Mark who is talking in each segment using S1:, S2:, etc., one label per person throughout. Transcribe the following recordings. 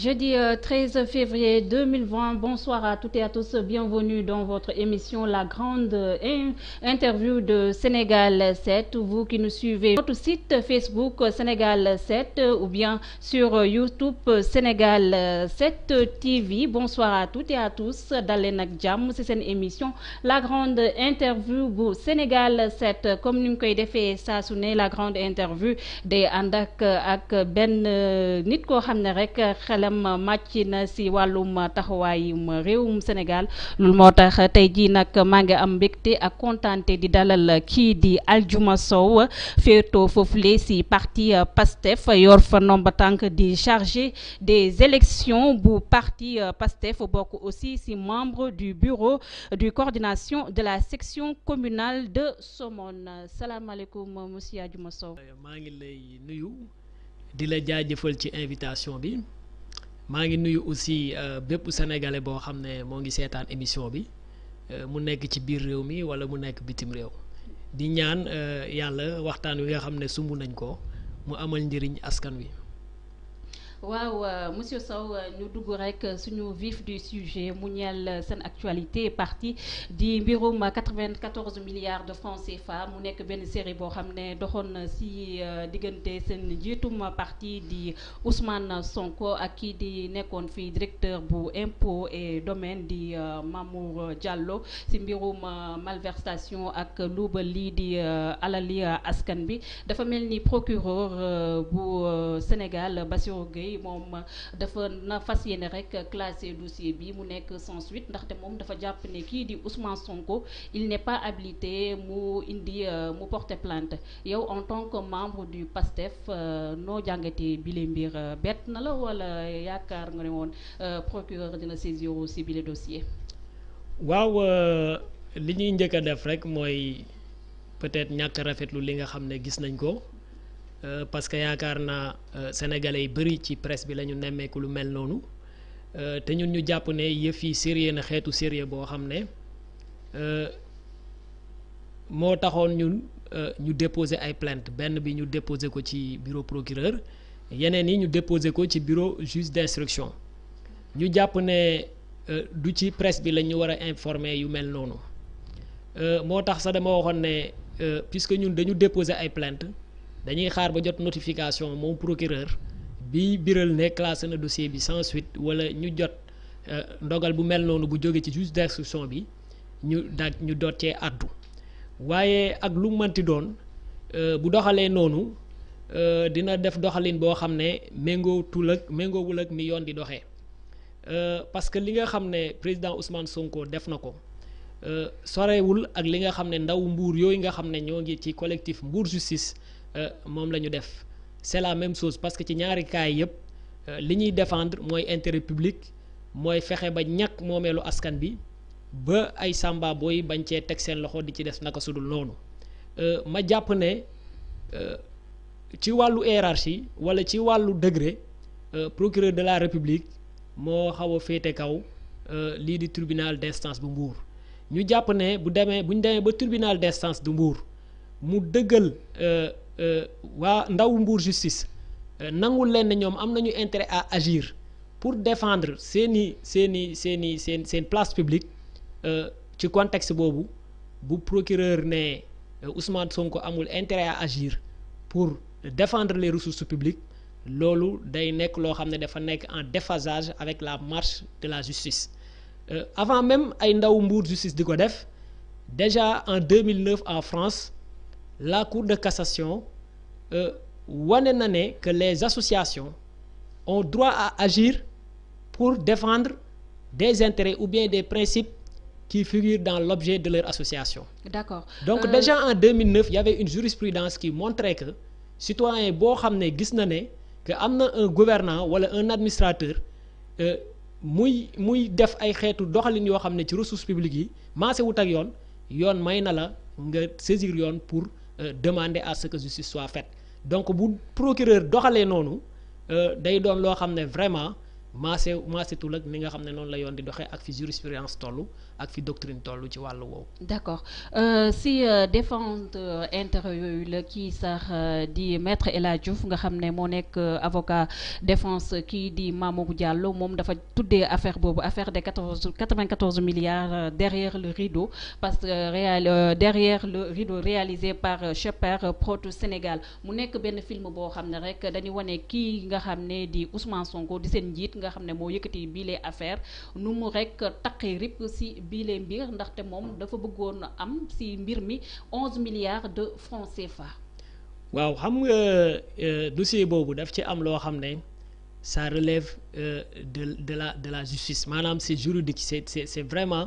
S1: Jeudi 13 euh, février 2020, bonsoir à toutes et à tous. Bienvenue dans votre émission La Grande Interview de Sénégal 7. Vous qui nous suivez, votre site Facebook Sénégal 7 ou bien sur euh, YouTube Sénégal 7 TV. Bonsoir à toutes et à tous. Dalen ak jàmm ci seen émission La Grande Interview bu Sénégal 7 comme ni ñu koy defee saa su ne La Grande Interview day ànd ak ak benn euh, nit koo xam ne rek itam màcc na si wàllum taxawaayum réewum Sénégal loolu moo tax tey jii nag maa ngi am mbégte ak kontaante di dalal kii di aljuma Sow féetoo foofule si parti PASTEF yor fa nomba tànk di chargé des élections bu parti PASTEF bokk aussi si membre du bureau du coordination de la section communale de Somone salaamaaleykum monsieur Aldiouma Sow. maa ngi lay nuyu
S2: di la jaajëfal ci invitation bi. maa ngi nuyu aussi euh, bépp sénégalais boo xam ne moo ngi seetaan émission bi euh, mu nekk ci biir réew mi wala mu nekk bitim réew di ñaan euh, yàlla waxtaan wi nga xam ne sumb nañ ko mu amal njëriñ askan wi
S1: waaw euh, monsieur Sow euh, ñu dugg rek suñu vif du sujet mu ñeel euh, seen actualité parti di mbirum 94 milliards de francs CFA mu nekk benn série boo xam ne doxoon na si diggante seen njiitum parti di Ousmane Sonko ak kii di nekkoon fii directeur bu impôt et domaine di Mamour jàlloo si mbirum malversation ak luubal lii di alali askan bi dafa mel ni procureur bu Sénégal Bassirou Gueye yi moom dafa na fas yéene rek classé dossier bi mu nekk sans suite ndaxte moom dafa jàpp ne kii di Ousmane Sonko il n'est pas habilité mu indi euh, mu porter plante yow en tant que membre du PASTEF euh, noo jàngatee bile mbir euh, bett na la wala yaakaar nga ne woon procureur dina saisir aussi bile dossier.
S2: waaw li ñuy njëkk a def rek mooy peut-être ñàkk rafetlu li nga xam ne gis nañ ko. Euh, parce que yaakaar naa euh, sénégalais yi bëri ci presse bi lañu nemmeeku lu mel noonu euh, te ñun ñu jàpp ne yëf yi sérier na xeetu sérieux boo xam ne moo taxoon ñun ñu déposer ay plainte benn bi ñu déposer ko ci bureau procureur yeneen yi ñu déposer ko ci bureau juge d'instruction ñu jàpp ne du ci presse bi la ñu war a informer yu mel noonu moo tax sax dama waxoon ne puisque ñun dañu déposer ay plainte dañuy xaar ba jot notification moom procureur bi biral ne classé na dossier bi sans suite wala ñu jot euh, ndogal bu mel noonu bu jóge ci juge d'instruction bi ñu daaj ñu doot cee àddu waaye ak lu mënti doon euh, bu doxalee noonu euh, dina def doxalin boo xam ne méngootul ak méngoowul ak ni yoon di doxee parce que li nga xam ne président Ousmane Sonko def na ko sorewul ak li nga xam ne ndaw mbuur yooyu nga xam ne ñoo ngi ci collectif mbuur Justice Euh, moom la ñu def c'est la même chose parce que ci ñaari kaay yëpp euh, li ñuy défendre mooy intérêt public mooy fexe ba ñàkk moomeelu askan bi ba ay samba booy bañ cee teg seen loxo di ci def naka sudul noonu euh, ma jàpp ne ci wàllu hiérarchie wala ci wàllu degré procureur de la république moo xaw a féete kaw lii di tribunal d'instance bu mbuur ñu jàpp ne bu demee bu ñu demee ba tribunal d'instance du Mbour mu dëggal. Euh, waa ndaw Mbour justice euh, nangul leen ne ñoom am nañu intérêt à agir pour défendre seeni seeni seeni seen seen place publique euh, ci contexte boobu bu procureur ne Ousmane Sonko amul intérêt à agir pour défendre les ressources publiques loolu day nekk loo xam ne dafa nekk en déphasage avec la marche de la avant même ay ndaw Mbour justice di ko def déjà en 2009 en France. la cour de cassation euh, wane na ne que les associations ont droit à agir pour défendre des intérêts ou bien des principes qui figurent dans l'objet de leur association.
S1: D'accord. Donc euh... déjà
S2: en 2009, il y avait une jurisprudence ki montrait que citoyen boo xam ne gis na ne que am na un gouvernant wala un administrateur euh, muy muy def ay xeetu doxalin yoo xam ne ci ressources publiques yi maase wut ak yoon yoon may na la nga saisir yoon pour Euh, demander à ce que justice soit faite donc bu procureur doxalee noonu euh, day doon loo xam ne vraiment maase maase tul ak ni nga xam ne noonu la yoon di doxee ak fi jurisprudence toll ak fi doctrine toll ci wàllu woowu.
S1: d'accord euh, si euh, défendre euh, intérêt yooyu la kii sax euh, di maître El Hadj Diouf nga xam ne moo nekk euh, avocat défense kii di Mamour Diallo moom dafa tuddee affaire boobu affaire de quatorze quatre-vingt-quatorze milliards derrière le rideau parce que réal derrière le rideau réalisé par Shepherd Proto Sénégal mu nekk benn film boo xam ne rek dañu wane kii nga xam ne di Ousmane Sonko di seen njiit nga xam ne moo yëkkati bii affaire affaires nu mu rek taqi rip bii lee mbir ndaxte moom dafa bëggoon am si mbir mi onze milliards de francs fa
S2: waaw xam nga euh, dossier boobu daf ci am loo xam ne ça relève euh, de de la de la justice maanaam c'est juridique c'est c'est c'est vraiment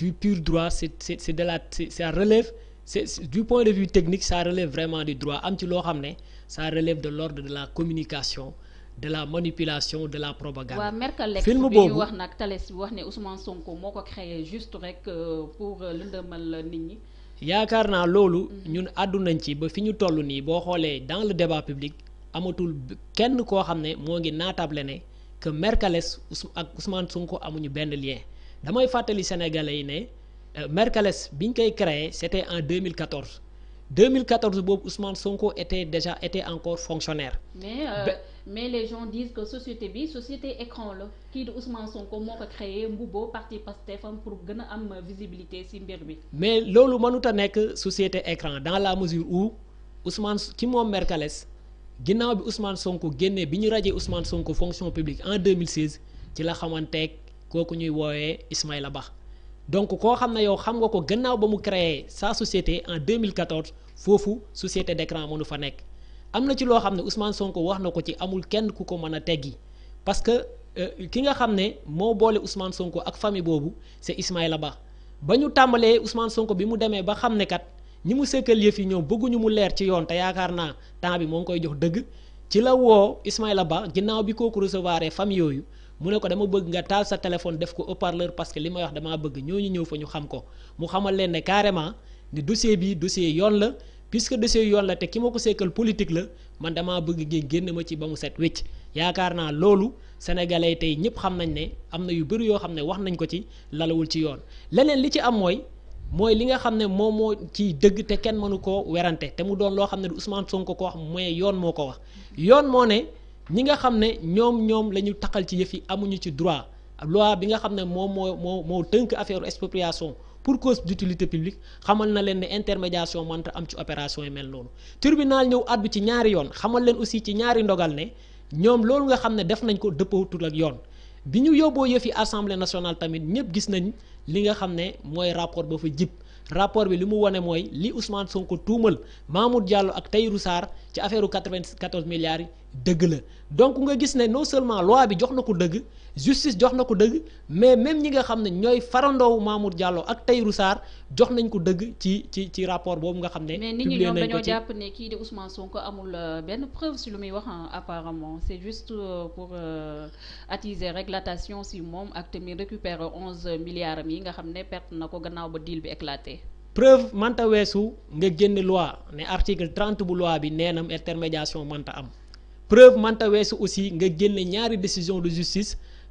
S2: du pur droit c'est c'est c'est de la c'est ça relève c'est du point de vue technique ça relève vraiment du droit am ci loo xam ne sa relève de l'ordre de la communication de la manipulation de la propagande. waaw
S1: Mercalex film boobu bi ñu wax nag Thalès wax ne Ousmane Sonko moo ko créé juste rek euh, pour euh, lëndëmal nit ñi.
S2: yaakaar naa loolu. Mhm. ñun àddunañ ci ba fi ñu toll nii boo xoolee dans le débat public amatul kenn koo xam ne moo ngi naatable ne que Mercalex ak Ousmane Sonko amuñu benn lien damay fàttali sénégalais yi ne bi euh, biñ koy créé c'était en 2014 2014 boobu Ousmane Sonko était déjà était encore fonctionnaire.
S1: mais. mais les gens disent que société bi société écran la kii di Ousmane Sonko moo ko créé mbubboo parti Pastefam pour gën a am visibilité ci mbir bi.
S2: mais loolu mënut a nekk société écran dans la mesure où Ousmane ci moom Mercalès ginnaaw bi Ousmane Sonko génne bi ñu rajee Ousmane Sonko fonction publique en 2016 ci la xamanteeg kooku ñuy woowee Ismaïla Ba donc koo xam ne yow xam nga ko gannaaw ba mu créé sa société en 2014 foofu société d'écran mënu fa nekk. am na ci loo xam ne Ousmane Sonko wax na ko ci amul kenn ku ko mën a teggi parce que euh, ki nga xam ne moo boole Ousmane Sonko ak famille boobu c'est Ismaïla Ba ba ñu tàmbalee Ousmane Sonko bi mu demee ba xam ne kat ñi mu sekkal yëf yi ñoom bëgguñu mu leer ci yoon te yaakaar naa temps bi moo ngi koy jox dëgg ci la woo Ismaïla Ba ginnaaw bi kooku recevoir famille yooyu. mu ne ko dama bëgg nga taal sa téléphone def ko haut-parleur parce que li may wax damaa bëgg ñooñu ñëw fa ñu xam ko mu xamal leen ne carrément ni dossier bi dossier yoon la puisque dossier yoon la te ki ma ko sekkal politique la man damaa bëgg ngeen génn ma ci ba mu set wécc yaakaar naa loolu sénégalais tey ñëpp xam nañ ne am na yu bëri yoo xam ne wax nañ ko ci lalawul ci yoon leneen li ci am mooy mooy li nga xam ne moo moo ciy dëgg te kenn mënu koo werante te mu doon loo xam ne du Ousmane Sonko ko wax mooy yoon moo ko wax yoon moo ne ñi nga xam ne ñoom ñoom la ñu taqal ci yëf yi amuñu ci droit loi bi nga xam ne moom moo moo moo tënk affaire expropriation pour cause d'utilité publique xamal na leen ne intermédiation mënta am ci opération yi mel noonu tribunal ñëw àddu ci ñaari yoon xamal leen aussi ci ñaari ndogal ne ñoom loolu nga xam ne def nañ ko dëppootul ak yoon bi ñu yóbboo yëfi assemblée nationale tamit ñëpp gis nañ li nga xam ne mooy rapport ba fa jib rapport bi li mu wane mooy li Ousmane Sonko tuumal Mamour Diallo ak Tahirou Sarr ci affaire 94 milliards yi dëgg la donc nga gis ne non seulement loi bi jox na ko dëgg. justice jox na ko dëgg mais même ñi nga xam ne ñooy farandoowu Mamour Diallo ak Tahirou Sarr jox nañ ko dëgg ci ci ci rapport boobu nga xam ne. mais nit ñi ñoom dañoo jàpp
S1: ne kii di Ousmane Sonko amul euh, benn preuve si lu muy wax apparemment c'est juste euh, pour euh, attiser rek l'attention si moom ak tamit récupérer onze milliards yi nga xam ne perte na ko gannaaw ba deal bi éclaté.
S2: preuve manta weesu nga génn loi ne article 30 bu loi bi nee na intermédiation manta am preuve manta weesu aussi nga génn ñaari décision de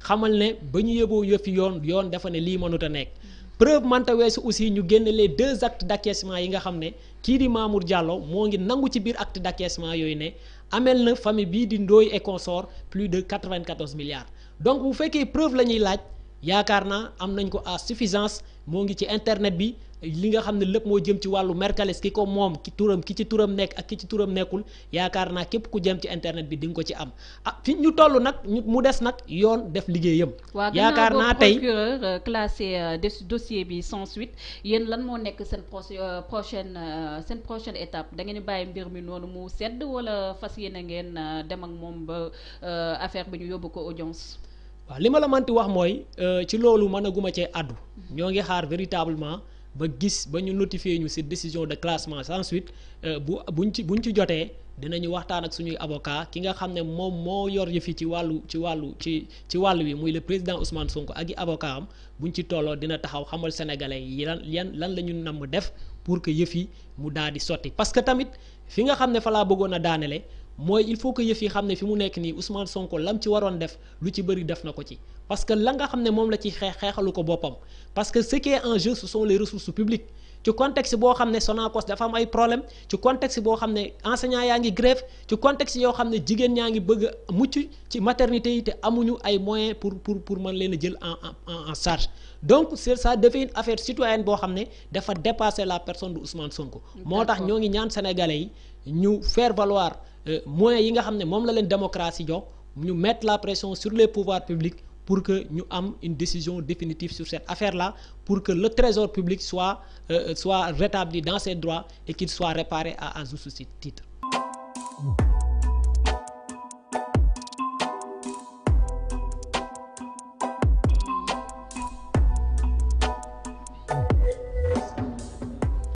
S2: xamal ne ba ñu yeboo yëfi yoon yoon dafa ne lii mënut a nekk preuve manta weesu aussi ñu génn les deux actes d'acquiescement yi nga xam ne kii di Mamour Diallo moo ngi nangu ci biir acte d'acquiescement yooyu ne ameel na famille bii di Ndoye et consort plus de 94 milliards donc bu fekkee preuve la ñuy laaj yaakaar naa am nañ ko à suffisance moo ngi ci internet bi li nga xam ne lépp moo jëm ci wàllu Mercalès ki ko moom ki turam ki ci turam nekk ak ki ci turam nekkul yaakaar naa képp ku jëm ci internet bi di ko ci am ah fi ñu toll nag mu des nag yoon def liggéeyam. yaakaar naa tey
S1: procureur euh, classé euh, dossier bi sans suite yéen lan moo nekk seen euh, prochaine seen prochaine étape da bàyyi mbir mi noonu mu sedd wala fas yéene ngeen dem ak moom ba affaire bi ñu yóbbu ko audience.
S2: waaw li ma la mënti wax mooy ci loolu mën a guma cee addu ñoo ngi xaar véritablement. ba gis ba ñu notifier ñu ci décision de classement sans suite euh, bu buñ ci buñ ci jotee dinañu waxtaan ak suñuy avocat ki nga xam ne moom moo yor yëfi ci wàllu ci wàllu ci ci wàllu wi muy le président Ousmane Sonko ak i avocat am bu ñu ci tolloo dina taxaw xamal sénégalais yi yan lan la ñu namm def pour que yëfi mu daal di sotti parce que tamit fi nga xam ne fa laa bëggoon a daanele mooy il faut que yëf yi xam ne fi mu nekk nii usman Sonko lam ci waroon def lu ci bëri def na ko ci parce que la nga xam ne moom la ci xeex xeexalu ko boppam parce que ce en jeu ce sont les ressources publiques ci contexte boo xam ne Sonacos dafa am ay problème ci contexte boo xam ne enseignants yaa ngi grève ci contexte yoo xam ne jigéen ñaa ngi bëgg mucc ci maternité yi te amuñu ay moyen pour pour pour mën leen a jël en en en charge donc c'est ça devient une affaire citoyenne boo xam ne dafa dépasser la personne de Ousmane Sonko. moo tax ñoo ngi ñaan sénégalais yi ñu faire euh, moyens yi nga xam ne moom la leen démocratie jox ñu mettre la pression sur les pouvoirs publics. pour que ñu am une décision définitive sur cette affaire-là pour que le trésor public soit euh, soit rétabli dans ses droits et qu'il soit réparé à à juste titre.